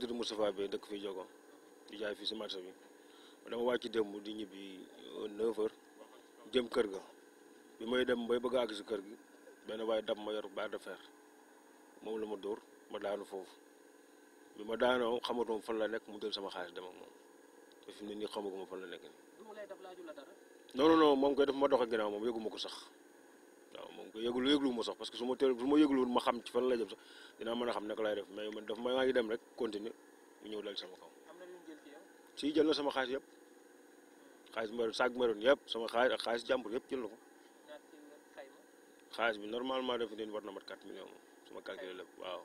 maa ngi tudd Moustapha Bey dëkk fii jaay fii si marché bi dama wàcc démb di ñibbi 9 euh, jëm kër ga bi may dem bay bëgg a àgg kër gi benn waaye dab ma yor baa de fer moom la ma dóor ma daanu foofu bi ma daanoo xamatuma fan la nekk mu jël sama xaalis dem ak moom te fi ne nii xamaguma fan la nekk nii. non non non moom koy daf ma dox ak ginnaaw moom yëguma ko sax. ko yëgul yëglu ma sax parce que su ma ma yëgluwul ma xam ci fan la jëm sax dinaa mën a xam naka laay def mais man daf ma maa mu ñëw dal sama kaw si jël na sama xaalis yëpp xaalis ma saag ma doon yëpp sama xaalis xaalis jàmbur yëpp jël na ko xaalis bi normalement def den war na mat 4 millions moom sama calculé lépp waaw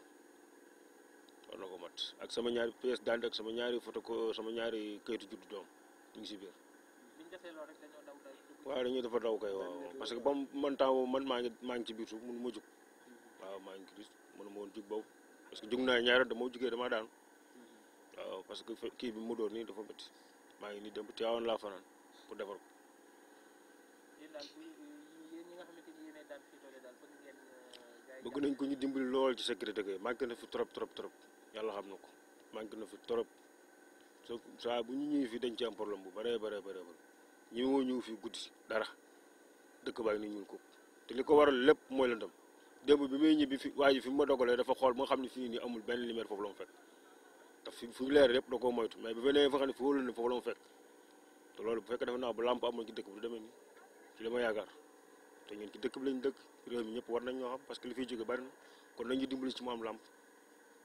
war na ko mat ak sama ñaari pièces daan ak sama ñaari photo ko sama ñaari kayitu juddu doom ñu ngi si biir waaw dañuy dafa daw kay waaw parce que ba man man maa ngi maa ngi ci biir suuf mënu ma jug waaw maa ngi gis mënu ma woon jug boobu parce que jug naa ñaari dama jugee damaa daan waaw parce que kii bi mu doon nii dafa métti maa ngi nii dem Tiwaawan laa fanaan pour defar ko. bëgg euh, nañ ko ñu dimbali lool ci sécurité gi manqué na fi trop trop trop yàlla xam na ko manqué na fi trop saa bu ñu ñëwee fii dañ ci am problème bu bëree bëree bëri. ñu moo ñëw fi guddi dara dëkk baa ngi ni ñun ko te li ko waral lépp mooy lëndëm démb bi may ñibbi fi fi mu ma dogalee dafa xool xam ne fii nii amul benn lumière foofu la mu fekk te fi fi leer mais bu fa ne foofu la foofu fekk te loolu bu fekkee dafa naa bu demee nii ci ma yaakaar te ñun ci dëkk bi lañ dëkk réew mi ñëpp war nañ ñoo xam parce que li fiy jóge bari na kon nañu dimbali ci mu am làmp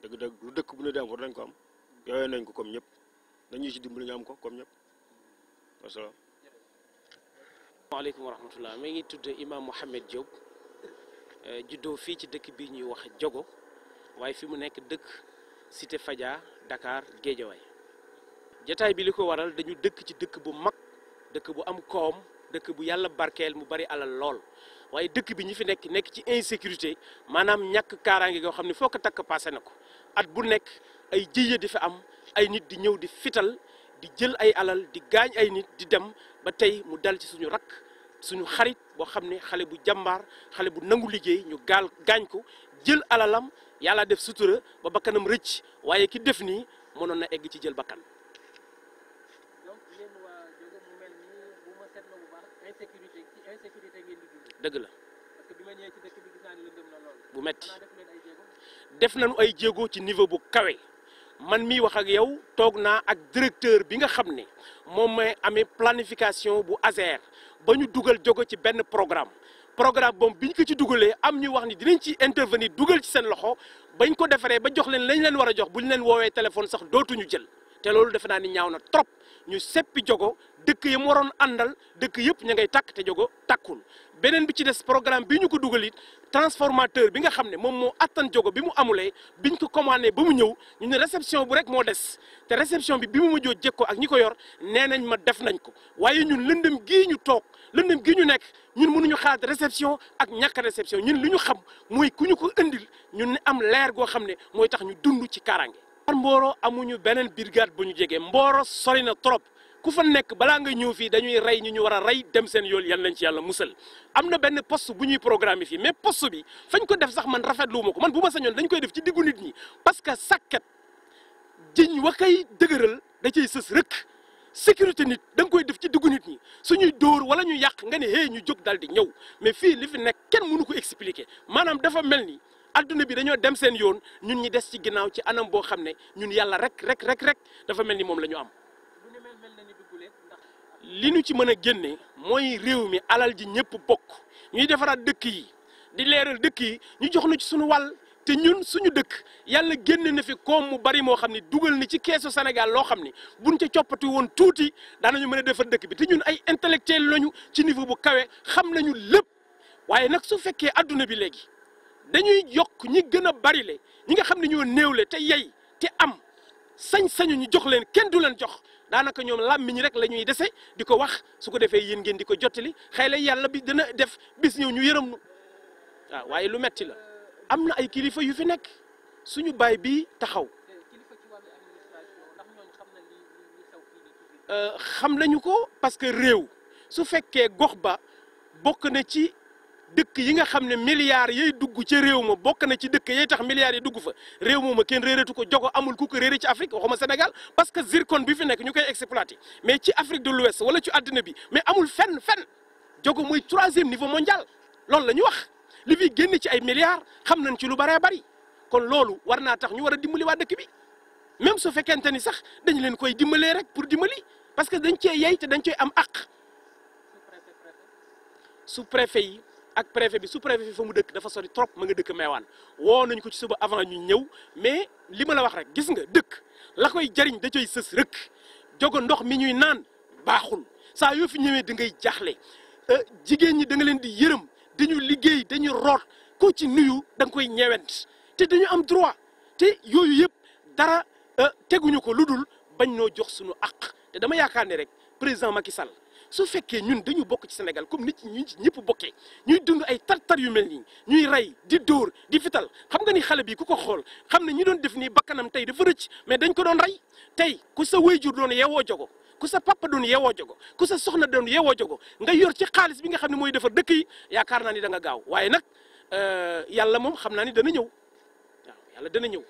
dëgg-dëgg lu dëkk bu ne dem war nañ ko am yooyu nañ ko comme ñëpp nañu ci dimbali ñu am ko kom ñëpp parce que waaleykum wa rahmatullah mi ngi tudd Imam Mohamed Diop eh, juddoo fii ci dëkk bi ñuy wax Diogo waaye fi mu nekk dëkk Cité Fadia Dakar Guédiawaye jataay bi li ko waral dañu dëkk ci dëkk bu mag dëkk bu am koom dëkk bu yàlla barkeel mu bari alal lool waaye dëkk bi ñu fi nekk nekk ci insécurité maanaam ñàkk kaaraange goo xam ne foo ko takk passé na ko at bu nekk ay jëye dafa am ay nit di ñëw di fital di jël ay alal di gaañ ay nit di dem ba tey mu dal ci suñu rakk suñu xarit boo xam ne xale bu jàmbaar xale bu nangu liggéey ñu gaal gaañ ko jël alalam yàlla def sutura ba bakkanam rëcc waaye ki def nii mënoon na egg ci jël bakkan. dëgg la. bu metti def nañu ay jéego ci niveau bu kawe. man mii wax ak yow toog naa ak directeur bi nga xam ne moom mooy amee planification bu ASER ba ñu dugal jóge ci benn programme programme bom bi ñu ko ci dugalee am ñu wax ni dinañ ci intervenir dugal ci seen loxo bañ ko defaree ba jox leen lañ leen war a jox bu ñu leen woowee téléphone sax dootuñu jël te loolu defe naa ni ñaaw na trop ñu seppi jogo dëkk yi mu waroon àndal dëkk yëpp ña ngay takk te jogo takkul beneen bi ci des programme bi ñu ko dugal it transformateur bi nga xam ne moom moo attan jogo bi mu amule biñ ko commandé ba mu ñëw ñu ne réception bu rek moo des te réception bi bi mu mujjoo jëkkoo ak ñi ko yor nee nañ ma def nañ ko waaye ñun lëndëm gii ñu toog lëndëm gi ñu nekk ñun mënuñu xalaat réception ak ñàkk réception ñun li ñu xam mooy ku ñu ko indil ñun ne am leer goo xam ne mooy tax ñu dund ci kaaraange mbooroo amuñu beneen brigade bu ñu jege mbooroo sori na trop ku fa nekk balaa nga ñëw fii dañuy rey ñu ñu war rey dem seen yool yal nañ ci yàlla musal am na benn post bu ñuy programme fii mais poste bi fañ ko def sax man rafetlu ma ko man bu ma sañoon dañ koy def ci diggu nit ñi parce que sàkkat jiñ wa kay da cay sës rëkk sécurité nit da koy def ci diggu nit ñi suñuy dóor wala ñu yàq nga ne hey ñu jóg daal di ñëw mais fii li fi nekk kenn mënu ko expliquer maanaam dafa mel ni adduna bi dañoo dem seen yoon ñun ñi des ci ginnaaw ci anam boo xam ne ñun yàlla rek rek rek rek dafa mel ni moom la ñu am. li ñu ci mën a génne mooy réew mi alal ji ñëpp bokk ñuy defaraat dëkk yi di leeral dëkk yi ñu jox na ci suñu wàll te ñun suñu dëkk yàlla génne na fi koom mu bari moo xam ne dugal ni ci keesu Sénégal loo xam ni buñ ci coppati woon tuuti daanañu mën a defar dëkk bi te ñun ay intellectuel lañu ci niveau bu kawe xam nañu lépp waaye nag su fekkee adduna bi léegi. dañuy yokk ñi gën a bari le ñi nga xam ne ñoo néewle te yey te am sañ-sañu ñu jox leen kenn du leen jox daanaka ñoom làmmiñ rek la ñuy dese di ko wax su ko defee yéen ngeen di ko jottali xëy la yàlla bi dana def bis ñëw ñu yërëm nu waaw waaye lu metti la am na ay kilifa yu fi nekk suñu baay bi taxaw euh, xam nañu ko parce que réew su fekkee gox ba bokk na ci dëkk yi nga xam ne milliards yay dugg ca réew ma bokk na ci dëkk yay tax milliards yi dugg fa réew mooma kenn tu ko jogo amul ku ko réeré ci Afrique waxuma Sénégal parce que zircon bi fi nekk ñu koy exploité mais ci Afrique de l'Ouest wala ci àddina bi mais amul fenn fenn jogo mooy troisième niveau mondial loolu la ñu wax li fi ci ay milliards xam nañ ci lu baree bari kon loolu war naa tax ñu war a dimbali waa dëkk bi même su fekkente ni sax dañ leen koy dimbalee rek pour dimbali parce que dañ cee yey dañ cee am àq sous préfet ak préfet bi su préfet bi fa mu dëkk dafa sori trop ma nga dëkk meewaan woo nañ ko ci suba avant ñu ñëw mais li ma la wax rek gis nga dëkk la koy jariñ da coy sës rëkk jogo ndox mi ñuy naan baaxul saa yoo fi ñëwee da ngay jaaxle euh, jigéen ñi da nga leen di yërëm dañu liggéey dañu root ko ci nuyu da nga koy ñewent te dañu am droit te yooyu yëpp dara euh, teguñu ko lu dul bañ noo jox suñu àq te dama yaakaar ne rek président Macky Sall su fekkee ñun dañu bokk ci Sénégal comme ni ci ñi ñëpp bokkee ñuy dund ay tar tartar yu mel nii ñuy rey di dóor di fital xam nga ni xale bi ku ko xool xam ne ñi doon def nii bakkanam tey dafa rëcc mais dañ ko doon rey tey ku sa wayjur doon yeewoo jogo ku sa papa doon yeewoo jogo ku sa soxna doon yeewoo jogo nga yor ci xaalis bi nga xam ne mooy defar dëkk yi yaakaar naa ni danga nga gaaw waaye nag euh, yàlla moom xam naa ni dana ñëw waaw dana ñëw